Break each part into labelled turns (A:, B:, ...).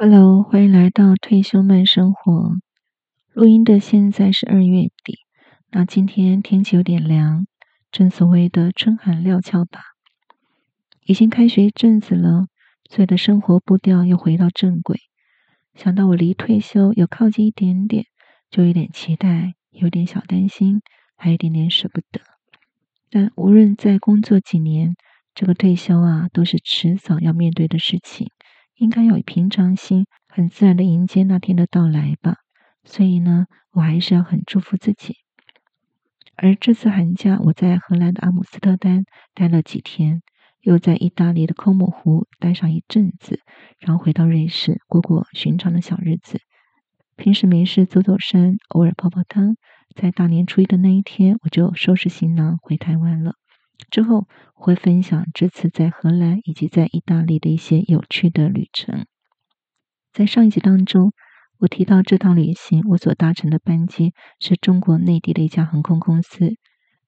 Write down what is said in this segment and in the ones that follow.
A: 哈嘍，歡迎來到退休慢生活。錄音的現在是二月底，那今天天氣有點涼，正所謂的春寒料峭吧。已經開學一陣子了，所以的生活步調又回到正軌。想到我離退休有靠近一點點，就有點期待，有點小擔心，還有一點點捨不得。但無論再工作幾年，這個退休啊，都是遲早要面對的事情。應該要以平常心，很自然的迎接那天的到來吧。所以呢，我還是要很祝福自己。而這次寒假，我在荷蘭的阿姆斯特丹待了幾天，又在意大利的科莫湖待上一陣子，然後回到瑞士，過過尋常的小日子。平時沒事走走山，偶爾泡泡湯。在大年初一的那一天，我就收拾行囊回台灣了。之後我會分享這次在荷蘭以及在意大利的一些有趣的旅程。在上一集當中，我提到這趟旅行我所搭乘的班機是中國內地的一家航空公司。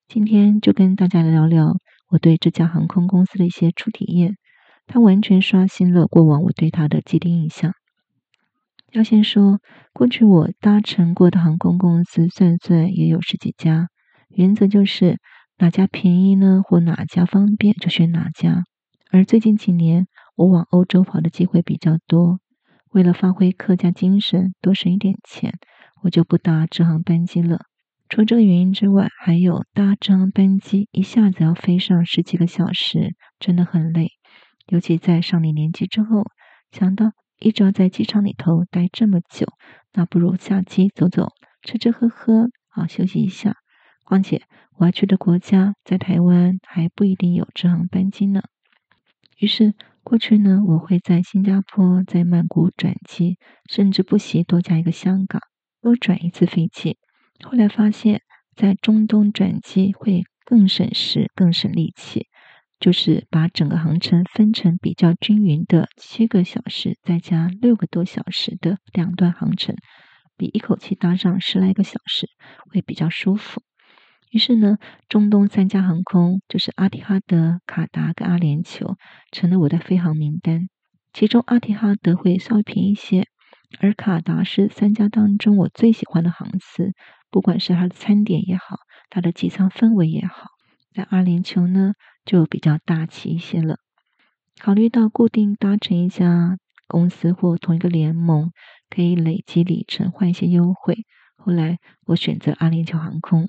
A: 今天就跟大家聊聊我對這家航空公司的一些初體驗，它完全刷新了過往我對它的既定印象。要先說，過去我搭乘過的航空公司算算也有十幾家，原則就是，哪家便宜呢？或哪家方便就選哪家。而最近幾年，我往歐洲跑的機會比較多。為了發揮客家精神，多省一點錢，我就不搭直航班機了。除這個原因之外，還有搭直航班機一下子要飛上十幾個小時，真的很累。尤其在上了年紀之後，想到一直要在機場裡頭待這麼久，那不如下機走走，吃吃喝喝，好休息一下。況且我要去的國家在台灣還不一定有直航班機呢。於是過去呢，我會在新加坡、在曼谷轉機，甚至不惜多加一個香港，多轉一次飛機。後來發現，在中東轉機會更省時、更省力氣，就是把整個航程分成比較均勻的七個小時，再加六個多小時的兩段航程，比一口氣搭上十來個小時會比較舒服。於是呢，中東三家航空，就是阿提哈德、卡達跟阿聯酋，成了我的飛航名單。其中阿提哈德會稍微便宜一些，而卡達是三家當中我最喜歡的航司，不管是它的餐點也好，它的機艙氛圍也好。在阿聯酋呢，就比較大氣一些了。考慮到固定搭乘一家公司或同一個聯盟，可以累積里程換一些優惠，後來我選擇阿聯酋航空。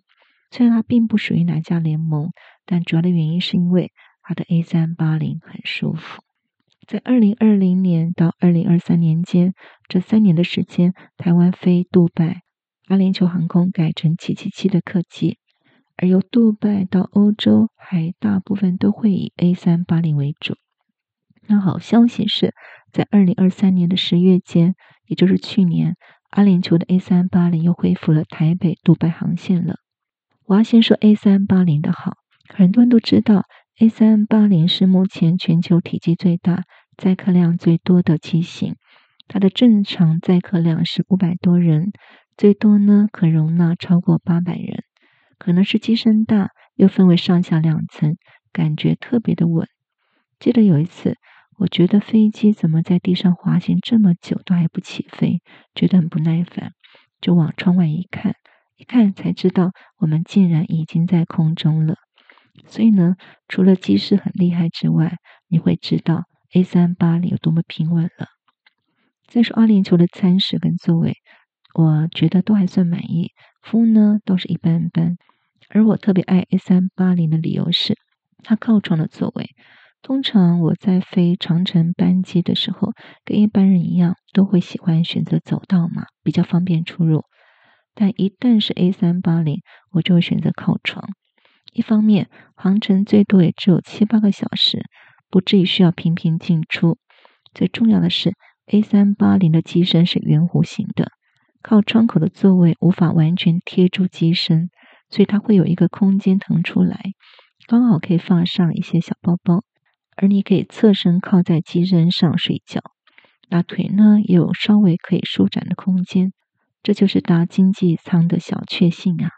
A: 雖然它並不屬於哪家聯盟，但主要的原因是因為它的 A380 很舒服。在2020年到2023年間，這三年的時間，台灣飛杜拜，阿聯酋航空改成777的客機，而由杜拜到歐洲還大部分都會以 A380 為主。那好消息是，在2023年的十月間，也就是去年，阿聯酋的 A380 又恢復了台北杜拜航線了。我要先說 A 三八零的好，很多人都知道 A 三八零是目前全球體積最大、載客量最多的機型。它的正常載客量是五百多人，最多呢可容納超過八百人。可能是機身大，又分為上下兩層，感覺特別的穩。記得有一次，我覺得飛機怎麼在地上滑行這麼久都還不起飛，覺得很不耐煩，就往窗外一看。一看才知道，我們竟然已經在空中了。所以呢，除了機師很厲害之外，你會知道 A 三八零有多麼平穩了。再說阿聯酋的餐食跟座位，我覺得都還算滿意。服務呢，倒是一般般。而我特別愛 A 三八零的理由是，它靠窗的座位。通常我在飛長城班機的時候，跟一般人一樣，都會喜歡選擇走道嘛，比較方便出入。但一旦是 A 三八零，我就會選擇靠窗。一方面，航程最多也只有七八個小時，不至於需要頻頻進出。最重要的是，A 三八零的機身是圓弧形的，靠窗口的座位無法完全貼住機身，所以它會有一個空間騰出來，剛好可以放上一些小包包。而你可以側身靠在機身上睡覺，那腿呢也有稍微可以舒展的空間。這就是搭經濟艙的小確幸啊！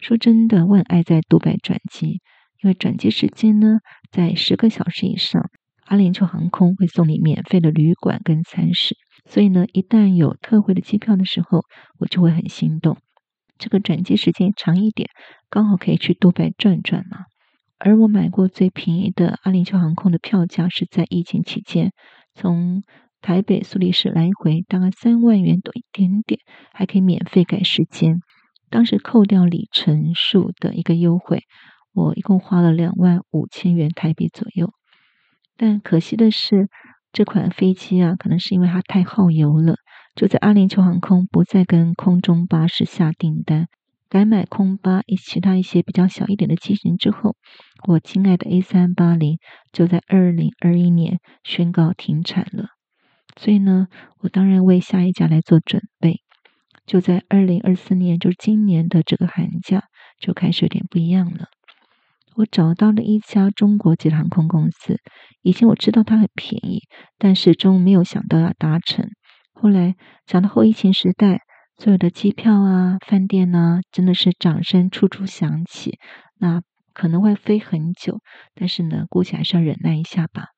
A: 說真的，蠻愛在杜拜轉機，因為轉機時間呢，在十個小時以上，阿聯酋航空會送你免費的旅館跟餐食。所以呢，一旦有特惠的機票的時候，我就會很心動。這個轉機時間長一點，剛好可以去杜拜轉轉嘛。而我買過最便宜的阿聯酋航空的票價是在疫情期間從台北蘇黎世來回大概三萬元多一點點，還可以免費改時間。當時扣掉里程數的一個優惠，我一共花了兩萬五千元台幣左右。但可惜的是，這款飛機啊，可能是因為它太耗油了，就在阿聯酋航空不再跟空中巴士下訂單，改買空巴以其他一些比較小一點的機型之後，我親愛的 A380 就在2021年宣告停產了。所以呢，我當然為下一家來做準備，就在二零二四年，就是今年的這個寒假就開始有點不一樣了。我找到了一家中國籍航空公司，以前我知道它很便宜，但始終沒有想到要達成。後來想到後疫情時代，所有的機票啊、飯店呢、啊，真的是掌聲處處響起。那可能會飛很久，但是呢，姑且還是要忍耐一下吧。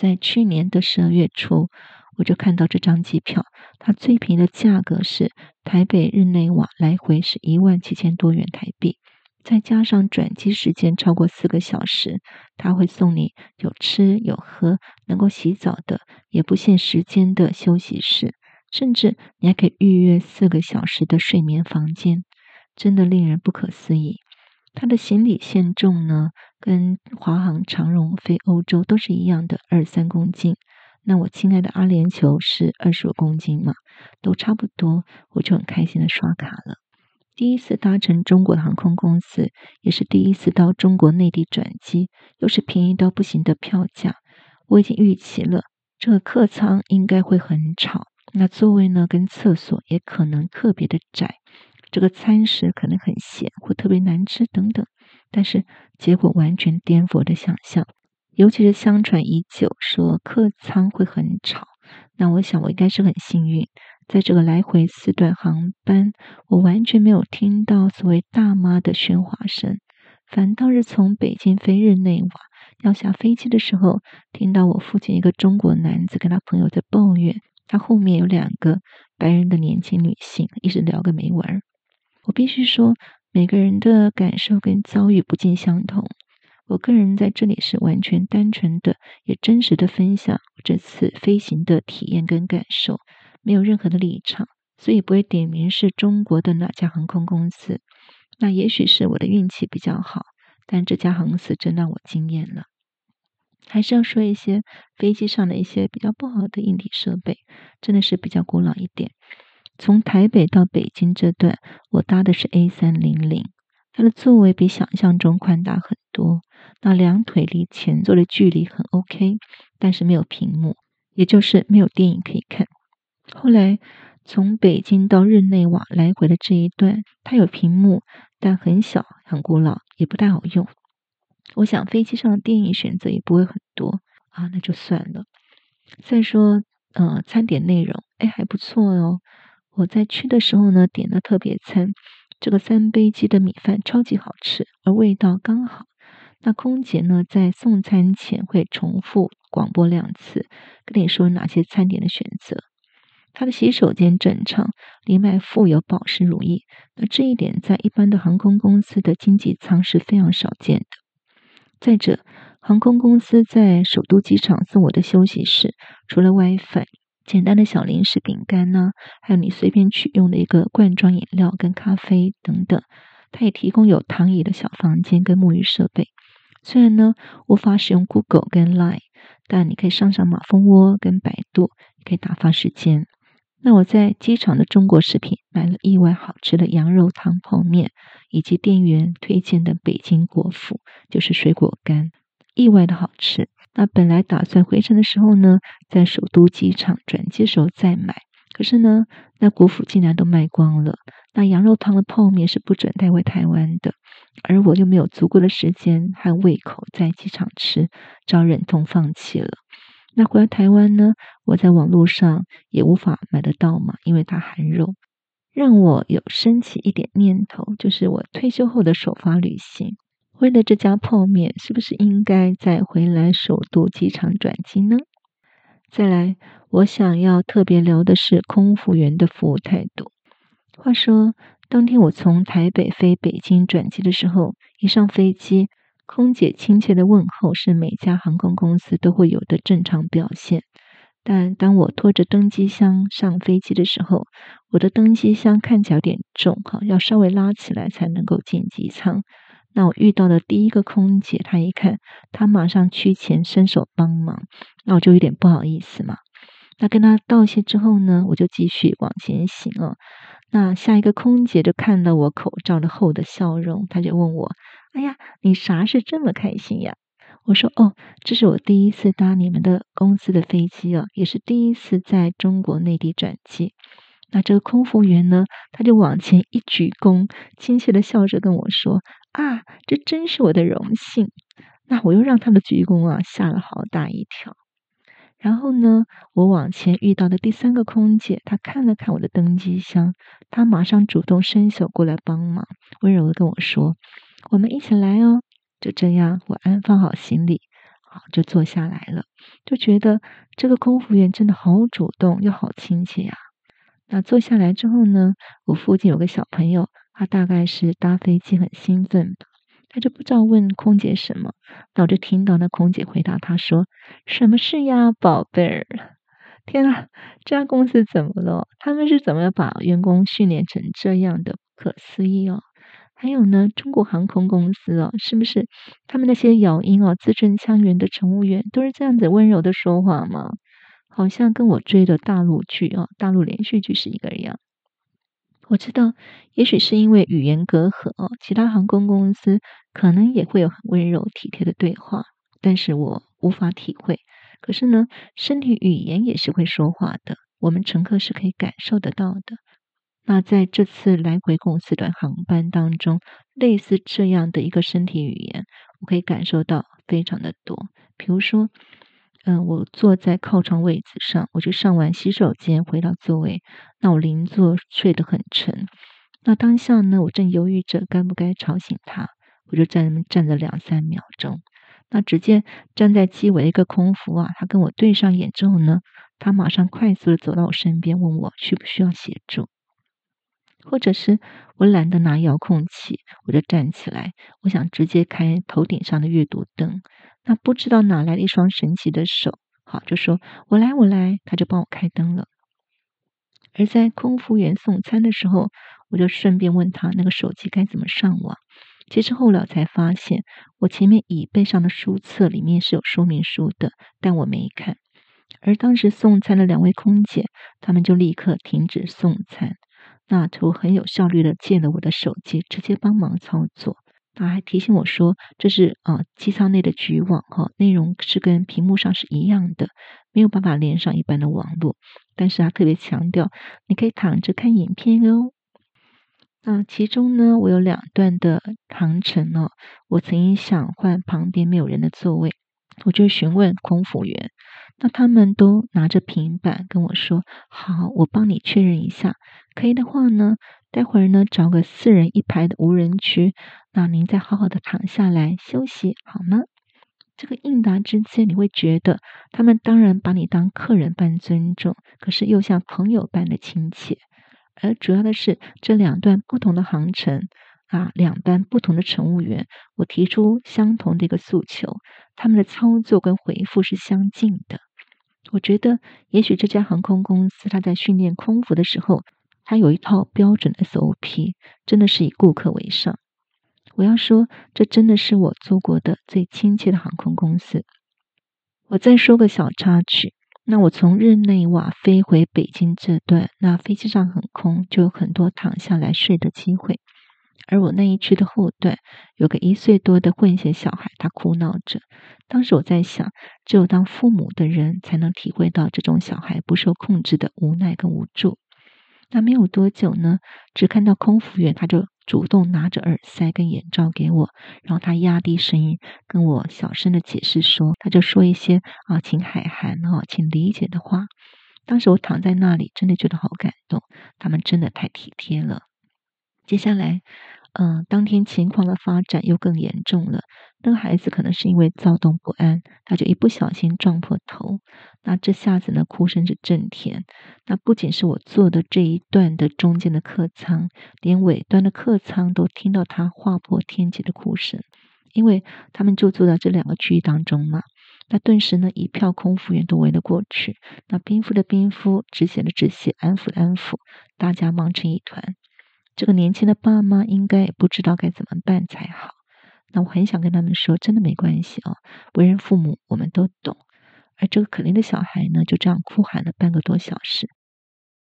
A: 在去年的十二月初，我就看到這張機票，它最便宜的價格是台北日內瓦來回是一萬七千多元台幣，再加上轉機時間超過四個小時，它會送你有吃有喝，能夠洗澡的，也不限時間的休息室，甚至你還可以預約四個小時的睡眠房間，真的令人不可思議。它的行李限重呢，跟華航長榮飛歐洲都是一樣的，二十三公斤。那我親愛的阿聯酋是二十五公斤嘛，都差不多，我就很開心的刷卡了。第一次搭乘中國航空公司，也是第一次到中國內地轉機，又是便宜到不行的票價，我已經預期了這個客艙應該會很吵，那座位呢，跟廁所也可能特別的窄。這個餐食可能很鹹或特別難吃等等，但是結果完全顛覆我的想象。尤其是相傳已久說客艙會很吵，那我想我應該是很幸運，在這個來回四段航班，我完全沒有聽到所謂大媽的喧嘩聲，反倒是從北京飛日內瓦，要下飛機的時候，聽到我附近一個中國男子跟他朋友在抱怨，他後面有兩個白人的年輕女性一直聊個沒完。我必須說，每個人的感受跟遭遇不盡相同。我個人在這裡是完全單純的，也真實的分享這次飛行的體驗跟感受，沒有任何的立場，所以不會點名是中國的哪家航空公司。那也許是我的運氣比較好，但這家航司真讓我驚艷了。還是要說一些飛機上的一些比較不好的硬體設備，真的是比較古老一點。從台北到北京這段，我搭的是 A 三零零，它的座位比想象中寬大很多，那兩腿離前座的距離很 OK，但是沒有屏幕，也就是沒有電影可以看。後來從北京到日內瓦來回的這一段，它有屏幕，但很小，很古老，也不太好用。我想飛機上的電影選擇也不會很多啊，那就算了。再說，呃，餐點內容，哎，還不錯哦。我在去的時候呢，點了特別餐，這個三杯雞的米飯超級好吃，而味道剛好。那空姐呢，在送餐前會重複廣播兩次，跟你說哪些餐點的選擇。他的洗手間正常，另外附有保濕乳液。那這一點在一般的航空公司的經濟艙是非常少見的。再者，航空公司在首都機場送我的休息室，除了 WiFi，簡單的小零食、餅乾呢、啊，還有你隨便取用的一個罐裝飲料跟咖啡等等。它也提供有躺椅的小房間跟沐浴設備。雖然呢無法使用 Google 跟 Line，但你可以上上馬蜂窩跟百度，你可以打發時間。那我在機場的中國食品買了意外好吃的羊肉湯泡麵，以及店員推薦的北京果脯，就是水果乾，意外的好吃。那本來打算回程的時候呢，在首都機場轉機時候再買，可是呢，那國府竟然都賣光了。那羊肉湯的泡麵是不准帶回台灣的，而我就沒有足夠的時間和胃口在機場吃，只好忍痛放棄了。那回到台灣呢，我在網絡上也無法買得到嘛，因為它含肉，讓我有升起一點念頭，就是我退休後的首發旅行。為了這家泡麵，是不是應該再回來首都機場轉機呢？再來，我想要特別聊的是空服員的服務態度。話說，當天我從台北飛北京轉機的時候，一上飛機，空姐親切的問候是每家航空公司都會有的正常表現。但當我拖着登機箱上飛機的時候，我的登機箱看起來有點重哈，要稍微拉起來才能夠進機艙。那我遇到的第一個空姐，她一看，她馬上趨前伸手幫忙，那我就有點不好意思嘛。那跟她道謝之後呢，我就繼續往前行了、哦。那下一個空姐就看到我口罩的後的笑容，她就問我：“哎呀，你啥事這麼開心呀？”我說：“哦，這是我第一次搭你們的公司的飛機啊、哦，也是第一次在中國內地轉機。”那這個空服員呢，他就往前一鞠躬，親切的笑着跟我說：“啊，這真是我的榮幸。”那我又讓他的鞠躬啊，嚇了好大一跳。然後呢，我往前遇到的第三個空姐，她看了看我的登機箱，她馬上主動伸手過來幫忙，溫柔的跟我說：“我們一起來哦。”就這樣，我安放好行李，好，就坐下來了，就覺得這個空服員真的好主動又好親切呀、啊。那坐下來之後呢，我附近有個小朋友，他大概是搭飛機很興奮吧，他就不知道問空姐什麼，導致聽到那空姐回答他說：“什麼事呀，寶貝兒？”天啊，這家公司怎麼了？他們是怎麼把員工訓練成這樣的？不可思議哦！還有呢，中國航空公司哦，是不是他們那些咬音哦、字正腔圓的乘務員都是這樣子溫柔的說話嗎？好像跟我追的大陸劇啊，大陸連續劇是一個樣。我知道，也許是因為語言隔閡哦，其他航空公司可能也會有很溫柔體貼的對話，但是我無法體會。可是呢，身體語言也是會說話的，我們乘客是可以感受得到的。那在這次來回共四段航班當中，類似這樣的一個身體語言，我可以感受到非常的多，比如說。嗯、呃，我坐在靠窗位子上，我就上完洗手間回到座位。那我鄰座睡得很沉，那當下呢，我正猶豫着該不該吵醒他，我就站站着，兩三秒鐘。那直接站在機尾的一個空服啊，他跟我對上眼之後呢，他馬上快速的走到我身邊，問我需不需要協助，或者是我懶得拿遙控器，我就站起來，我想直接開頭頂上的閱讀燈。他不知道哪來的一雙神奇的手，好，就說我來，我來，他就幫我開燈了。而在空服員送餐的時候，我就順便問他那個手機該怎麼上網。其實後來才發現，我前面椅背上的書冊裡面是有說明書的，但我沒看。而當時送餐的兩位空姐，她們就立刻停止送餐，那頭很有效率的借了我的手機，直接幫忙操作。他、啊、還提醒我說，這是啊、呃、機艙內的局網哈、哦，內容是跟屏幕上是一樣的，沒有辦法連上一般的網絡。但是他特別強調，你可以躺着看影片哦。那、啊、其中呢，我有兩段的航程呢、哦，我曾經想換旁邊沒有人的座位，我就詢問空服員。那他們都拿着平板跟我說：“好，我幫你確認一下，可以的話呢，待會兒呢找個四人一排的無人區，那您再好好的躺下來休息，好嗎？”這個應答之間，你會覺得他們當然把你當客人般尊重，可是又像朋友般的親切。而主要的是，這兩段不同的航程啊，兩班不同的乘務員，我提出相同的一個訴求，他們的操作跟回復是相近的。我覺得，也許這家航空公司，他在訓練空服的時候，他有一套標準的 SOP，真的是以顧客為上。我要說，這真的是我坐過的最親切的航空公司。我再說個小插曲，那我從日內瓦飛回北京這段，那飛機上很空，就有很多躺下來睡的機會。而我那一區的後段，有個一歲多的混血小孩，他哭鬧着。當時我在想，只有當父母的人才能體會到這種小孩不受控制的無奈跟無助。那沒有多久呢，只看到空服員，他就主動拿着耳塞跟眼罩給我，然後他壓低聲音跟我小聲的解釋說，他就說一些啊，請海涵啊，請理解的話。當時我躺在那裡，真的覺得好感動，他們真的太體貼了。接下來，嗯、呃，當天情況的發展又更嚴重了。那個孩子可能是因為躁動不安，他就一不小心撞破頭，那這下子呢，哭聲是震天。那不僅是我坐的這一段的中間的客艙，連尾端的客艙都聽到他劃破天際的哭聲，因為他們就坐到這兩個區域當中嘛。那頓時呢，一票空服員都圍了過去，那冰敷的冰敷，止血的止血，安撫安撫，大家忙成一團。這個年輕的爸媽應該也不知道該怎麼辦才好。那我很想跟他們說，真的沒關係哦，為人父母，我們都懂。而這個可憐的小孩呢，就這樣哭喊了半個多小時，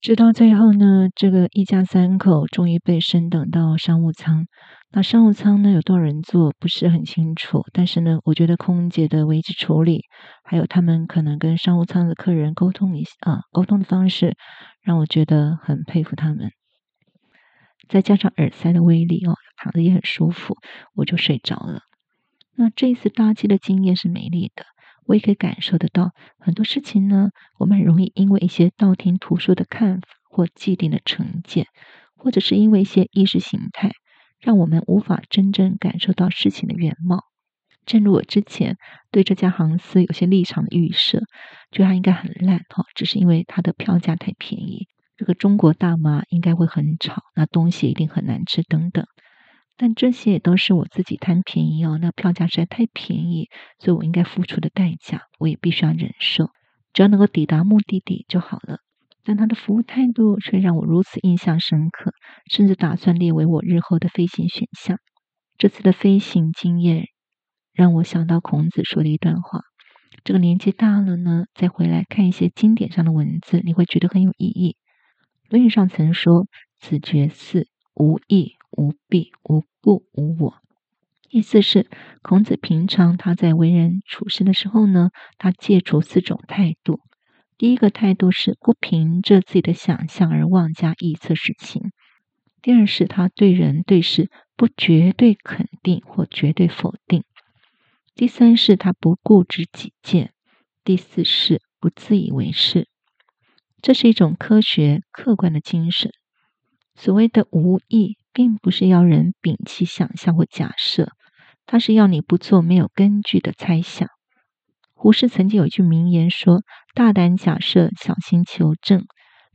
A: 直到最後呢，這個一家三口終於被升等到商務艙。那商務艙呢，有多少人坐不是很清楚，但是呢，我覺得空姐的危機處理，還有他們可能跟商務艙的客人溝通一下啊，溝通的方式讓我覺得很佩服他們。再加上耳塞的威力哦。躺着也很舒服，我就睡着了。那這一次搭機的經驗是美麗的，我也可以感受得到。很多事情呢，我們很容易因為一些道聽途說的看法或既定的成見，或者是因為一些意識形態，讓我們無法真正感受到事情的原貌。正如我之前對這家航司有些立場的預設，覺得它應該很爛哈，只是因為它的票價太便宜。這個中國大媽應該會很吵，那東西一定很難吃，等等。但這些也都是我自己貪便宜哦，那票價實在太便宜，所以我應該付出的代價，我也必須要忍受。只要能夠抵達目的地就好了。但他的服務態度卻讓我如此印象深刻，甚至打算列為我日後的飛行選項。這次的飛行經驗讓我想到孔子說的一段話：這個年紀大了呢，再回來看一些經典上的文字，你會覺得很有意義。《論語》上曾說：“子絕四，毋意。無必無故、無我，意思是孔子平常他在為人處事的時候呢，他借助四種態度。第一個態度是不憑着自己的想象而妄加臆測事情；第二是他對人對事不絕對肯定或絕對否定；第三是他不固執己見；第四是不自以為是。這是一種科學客觀的精神。所謂的無意。並不是要人摒棄想象或假設，它是要你不做沒有根據的猜想。胡適曾經有一句名言說：“大膽假設，小心求證。”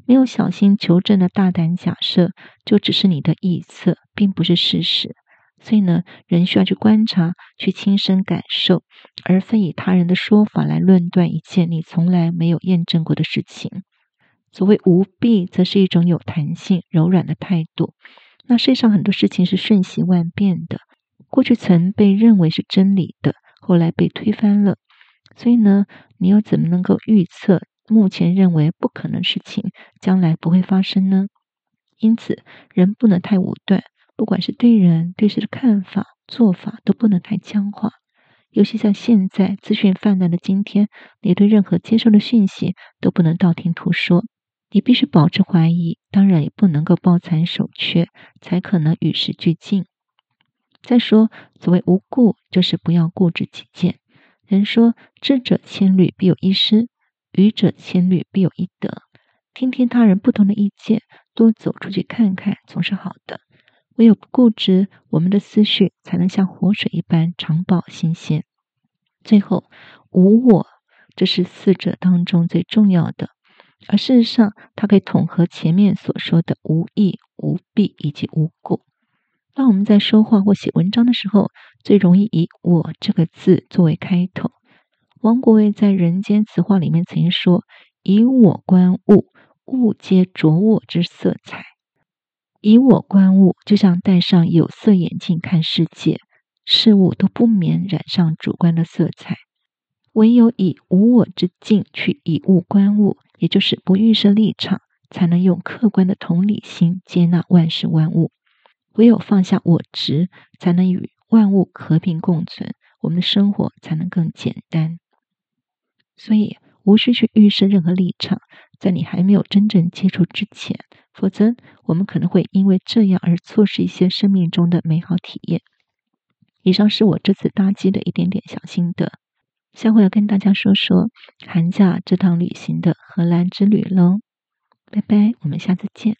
A: 沒有小心求證的大膽假設，就只是你的臆測，並不是事實。所以呢，人需要去觀察，去親身感受，而非以他人的說法來論斷一切你從來沒有驗證過的事情。所謂無必，則是一種有彈性、柔軟的態度。那世界上很多事情是瞬息萬變的，過去曾被認為是真理的，後來被推翻了。所以呢，你又怎麼能夠預測目前認為不可能的事情將來不會發生呢？因此，人不能太武斷，不管是對人對事的看法、做法，都不能太僵化。尤其像現在資訊氾濫的今天，你對任何接受的訊息都不能道聽途說。你必須保持懷疑，當然也不能夠抱殘守缺，才可能與時俱進。再說，所謂無固，就是不要固執己見。人說：“智者千慮，必有一失；愚者千慮，必有一得。”聽聽他人不同的意見，多走出去看看，總是好的。唯有不固執，我們的思緒才能像活水一般常保新鮮。最後，無我，這是四者當中最重要的。而事實上，它可以統合前面所說的無意、無必以及無固。當我們在說話或寫文章的時候，最容易以“我”這個字作為開頭。王國維在《人間詞話》裡面曾經說：“以我觀物，物皆着我之色彩。以我觀物，就像戴上有色眼鏡看世界，事物都不免染上主觀的色彩。唯有以無我之境去以物觀物。”也就是不預設立場，才能用客觀的同理心接納萬事萬物。唯有放下我執，才能與萬物和平共存，我們的生活才能更簡單。所以，無需去預設任何立場，在你還沒有真正接觸之前，否則我們可能會因為這樣而錯失一些生命中的美好體驗。以上是我這次搭機的一點點小心得。下回要跟大家說說寒假這趟旅行的荷蘭之旅嘍，拜拜，我們下次見。